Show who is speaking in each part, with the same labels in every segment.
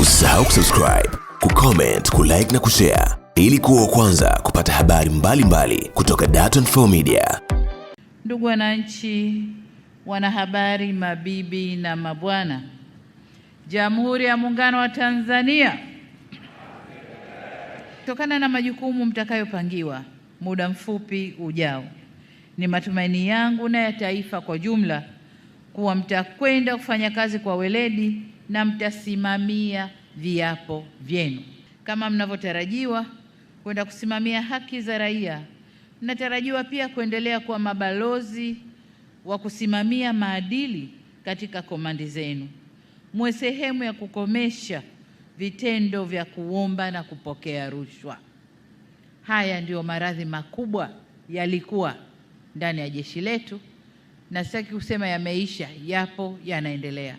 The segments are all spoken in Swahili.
Speaker 1: Usisahau kusubscribe, kucomment, kulike na kushare ili kuwa kwanza kupata habari mbalimbali mbali kutoka Dar24 Media.
Speaker 2: Ndugu wananchi, wanahabari, mabibi na mabwana, Jamhuri ya Muungano wa Tanzania, kutokana na majukumu mtakayopangiwa muda mfupi ujao, ni matumaini yangu na ya taifa kwa jumla kuwa mtakwenda kufanya kazi kwa weledi na mtasimamia viapo vyenu kama mnavyotarajiwa kwenda kusimamia haki za raia. Mnatarajiwa pia kuendelea kuwa mabalozi wa kusimamia maadili katika komandi zenu. Mwe sehemu ya kukomesha vitendo vya kuomba na kupokea rushwa. Haya ndiyo maradhi makubwa yalikuwa ndani ya jeshi letu, na sitaki kusema yameisha, yapo, yanaendelea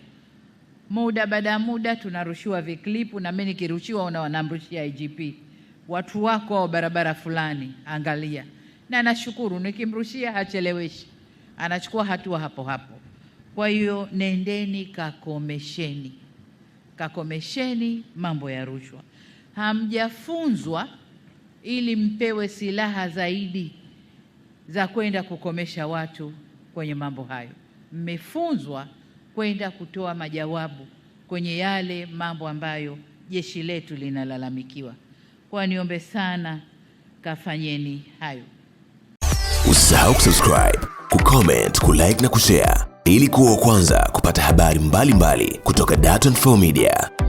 Speaker 2: muda baada ya muda tunarushiwa viklipu, na mimi nikirushiwa, una wanamrushia IGP, watu wako wa barabara fulani, angalia. Na nashukuru nikimrushia hacheleweshi, anachukua hatua hapo hapo. Kwa hiyo nendeni, kakomesheni, kakomesheni mambo ya rushwa. Hamjafunzwa ili mpewe silaha zaidi za kwenda kukomesha watu kwenye mambo hayo, mmefunzwa kwenda kutoa majawabu kwenye yale mambo ambayo jeshi letu linalalamikiwa. Kwa niombe sana kafanyeni hayo. Usisahau kusubscribe, kucomment, kulike na kushare ili kuwa wa kwanza kupata habari mbalimbali mbali kutoka Dar24 Media.